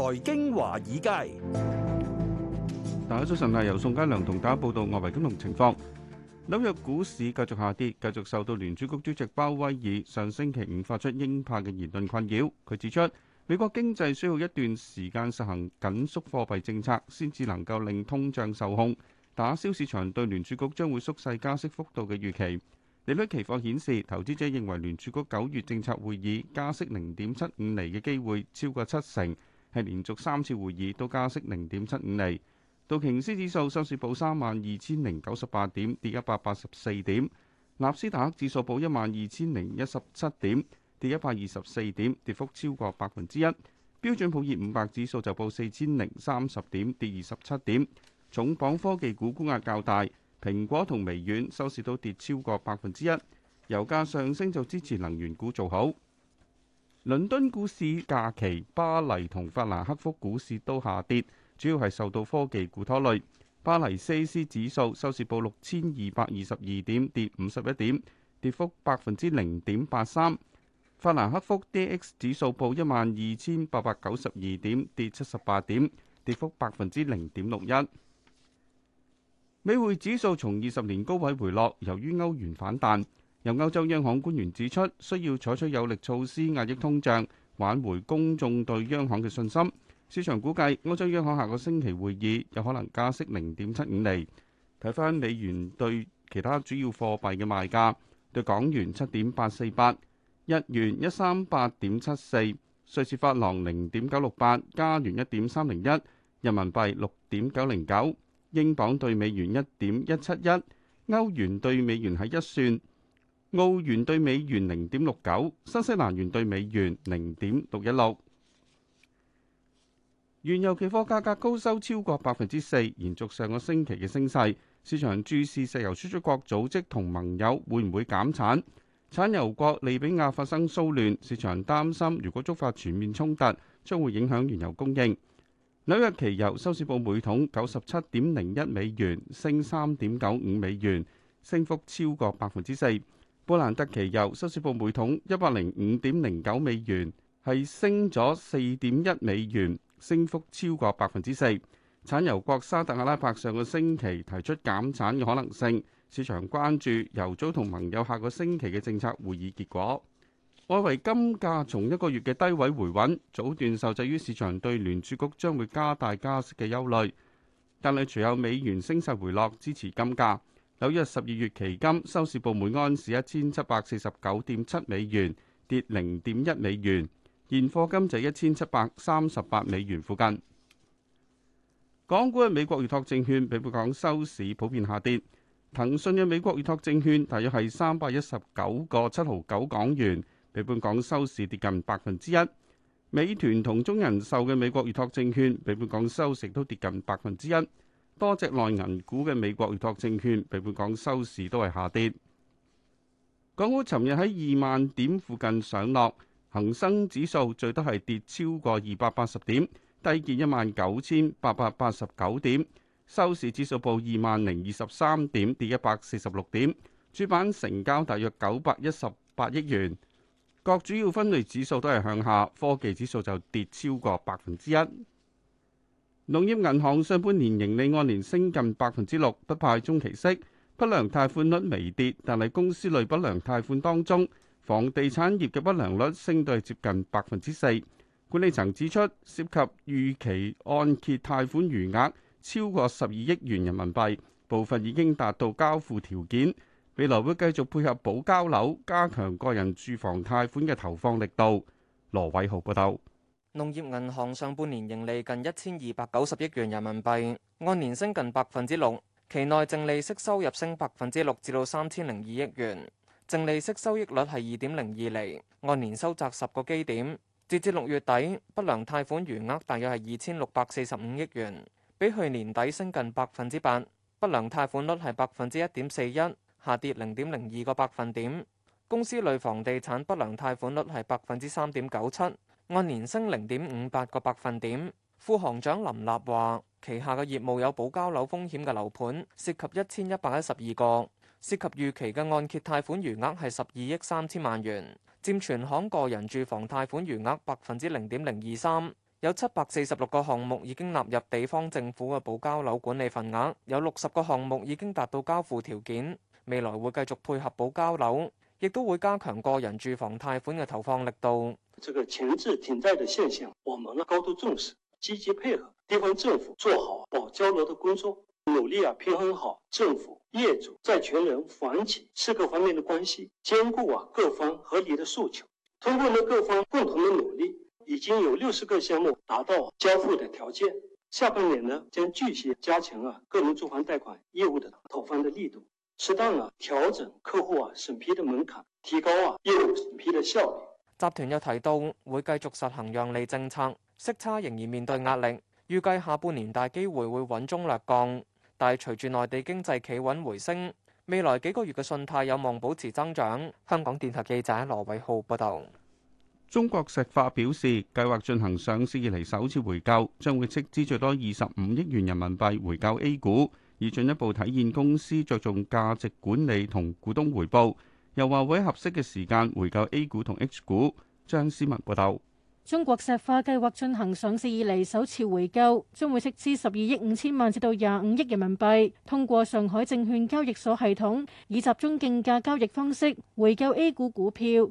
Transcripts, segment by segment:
財經華爾街，大家早晨。由宋嘉良同大家報道外圍金融情況。紐約股市，繼續下跌，繼續受到聯儲局主席鮑威爾上星期五發出鷹派嘅言論困擾。佢指出，美國經濟需要一段時間實行緊縮貨幣政策，先至能夠令通脹受控，打消市場對聯儲局將會縮細加息幅度嘅預期。利率期貨顯示，投資者認為聯儲局九月政策會議加息零點七五厘嘅機會超過七成。係連續三次會議都加息零點七五厘。道瓊斯指數收市報三萬二千零九十八點，跌一百八十四點。納斯達克指數報一萬二千零一十七點，跌一百二十四點，跌幅超過百分之一。標準普爾五百指數就報四千零三十點，跌二十七點。重磅科技股沽壓較大，蘋果同微軟收市都跌超過百分之一。油價上升就支持能源股做好。倫敦股市假期，巴黎同法蘭克福股市都下跌，主要係受到科技股拖累。巴黎 CAC 指數收市報六千二百二十二點，跌五十一點，跌幅百分之零點八三。法蘭克福 DAX 指數報一萬二千八百九十二點，跌七十八點，跌幅百分之零點六一。美匯指數從二十年高位回落，由於歐元反彈。由歐洲央行官員指出，需要採取有力措施壓抑通脹，挽回公眾對央行嘅信心。市場估計，歐洲央行下個星期會議有可能加息零點七五釐。睇返美元對其他主要貨幣嘅賣價，對港元七點八四八，日元一三八點七四，瑞士法郎零點九六八，加元一點三零一，人民幣六點九零九，英鎊對美元一點一七一，歐元對美元係一算。澳元兌美元零點六九，新西蘭元兌美元零點六一六。原油期貨價格高收超過百分之四，延續上個星期嘅升勢。市場注視石油輸出國組織同盟友會唔會減產。產油國利比亞發生騷亂，市場擔心如果觸發全面衝突，將會影響原油供應。紐約期油收市報每桶九十七點零一美元，升三點九五美元，升幅超過百分之四。布蘭特期油收市報每桶一百零五點零九美元，係升咗四點一美元，升幅超過百分之四。產油國沙特阿拉伯上個星期提出減產嘅可能性，市場關注油組同盟友下個星期嘅政策會議結果。外圍金價從一個月嘅低位回穩，早段受制於市場對聯儲局將會加大加息嘅憂慮，但係除有美元升勢回落支持金價。紐約十二月期金收市報每安士一千七百四十九點七美元，跌零點一美元，現貨金就一千七百三十八美元附近。港股嘅美國預託證券，比本港收市普遍下跌。騰訊嘅美國預託證券大約係三百一十九個七毫九港元，比本港收市跌近百分之一。美團同中人壽嘅美國預託證券，比本港收市都跌近百分之一。多隻內銀股嘅美國預託證券，比本港收市都係下跌。港股尋日喺二萬點附近上落，恒生指數最多係跌超過二百八十點，低見一萬九千八百八十九點，收市指數報二萬零二十三點，跌一百四十六點，主板成交大約九百一十八億元。各主要分類指數都係向下，科技指數就跌超過百分之一。農業銀行上半年盈利按年升近百分之六，不派中期息，不良貸款率微跌，但係公司類不良貸款當中，房地產業嘅不良率升到接近百分之四。管理層指出，涉及逾期按揭貸款餘額超過十二億元人民幣，部分已經達到交付條件，未來會繼續配合保交樓，加強個人住房貸款嘅投放力度。羅偉豪報道。農業銀行上半年盈利近一千二百九十億元人民幣，按年升近百分之六。期內淨利息收入升百分之六，至到三千零二億元，淨利息收益率係二點零二厘，按年收窄十個基點。截至六月底，不良貸款餘額大約係二千六百四十五億元，比去年底升近百分之八。不良貸款率係百分之一點四一，下跌零點零二個百分點。公司類房地產不良貸款率係百分之三點九七。按年升零點五八個百分點。副行長林立話：旗下嘅業務有保交樓風險嘅樓盤，涉及一千一百一十二個，涉及預期嘅按揭貸款餘額係十二億三千萬元，佔全行個人住房貸款餘額百分之零點零二三。有七百四十六個項目已經納入地方政府嘅保交樓管理份額，有六十個項目已經達到交付條件。未來會繼續配合保交樓。亦都會加強個人住房貸款嘅投放力度。這個前置停貸的現象，我們呢高度重視，積極配合地方政府做好保交樓的工作，努力啊平衡好政府業、業主、債權人、房企四個方面的關係，兼顧啊各方合理的訴求。通過呢各方共同的努力，已經有六十個項目達到交付的條件。下半年呢將繼續加強啊個人住房貸款業務的投放的力度。適當啊調整客戶啊審批嘅門檻，提高啊業務審批嘅效率。集團又提到會繼續實行讓利政策，息差仍然面對壓力，預計下半年大機會會穩中略降。但係隨住內地經濟企穩回升，未來幾個月嘅信貸有望保持增長。香港電台記者羅偉浩報道。中國石化表示，計劃進行上市以嚟首次回購，將會斥資最多二十五億元人民幣回購 A 股。以進一步體現公司着重價值管理同股東回報，又話會喺合適嘅時間回購 A 股同 H 股。張思文報道，中國石化計劃進行上市以嚟首次回購，將會斥資十二億五千萬至到廿五億人民幣，通過上海證券交易所系統以集中競價交易方式回購 A 股股票。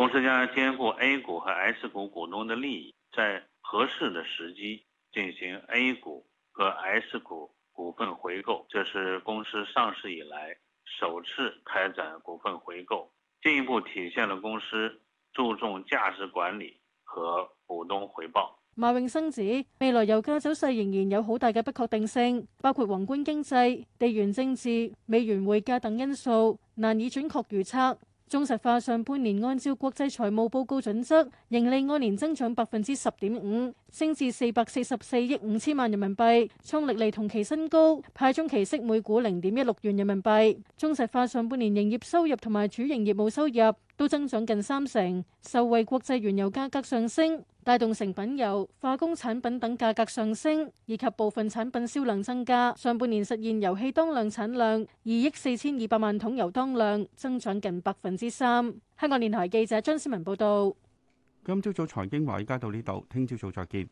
公司將兼顧 A 股和 S 股股東的利益，在合適的時機進行 A 股和 S 股股，股份回購，這是公司上市以來首次開展股份回購，進一步體現了公司注重價值管理和股東回報。馬永生指，未來油價走勢仍然有好大嘅不確定性，包括宏觀經濟、地緣政治、美元匯價等因素難以準確預測。中石化上半年按照國際財務報告準則，盈利按年增長百分之十點五，升至四百四十四億五千萬人民幣，創歷嚟同期新高，派中期息每股零點一六元人民幣。中石化上半年營業收入同埋主營業務收入。都增長近三成，受惠國際原油價格上升，帶動成品油、化工產品等價格上升，以及部分產品銷量增加。上半年實現油氣當量產量二億四千二百萬桶油當量，增長近百分之三。香港電台記者張思文報道。今朝早財經華爾街到呢度，聽朝早再見。